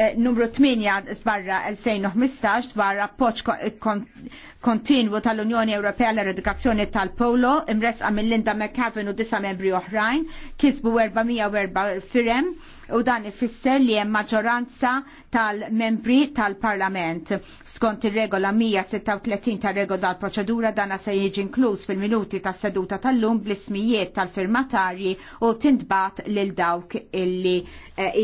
Eh, numru 8 sbarra 2015 dwar appoċ eh, kontinwu tal-Unjoni Ewropea l eredikazzjoni tal-Polo imresqa mill Linda McCaven u disa membri oħrajn kisbu 404 firem u dan ifisser li hemm maġġoranza tal-membri tal-Parlament. Skont ir-regola 136 tar-regola tal-proċedura dana se jiġi inkluż fil-minuti tas-seduta tal-lum bl-ismijiet tal-firmatarji u tintbat lil dawk illi eh,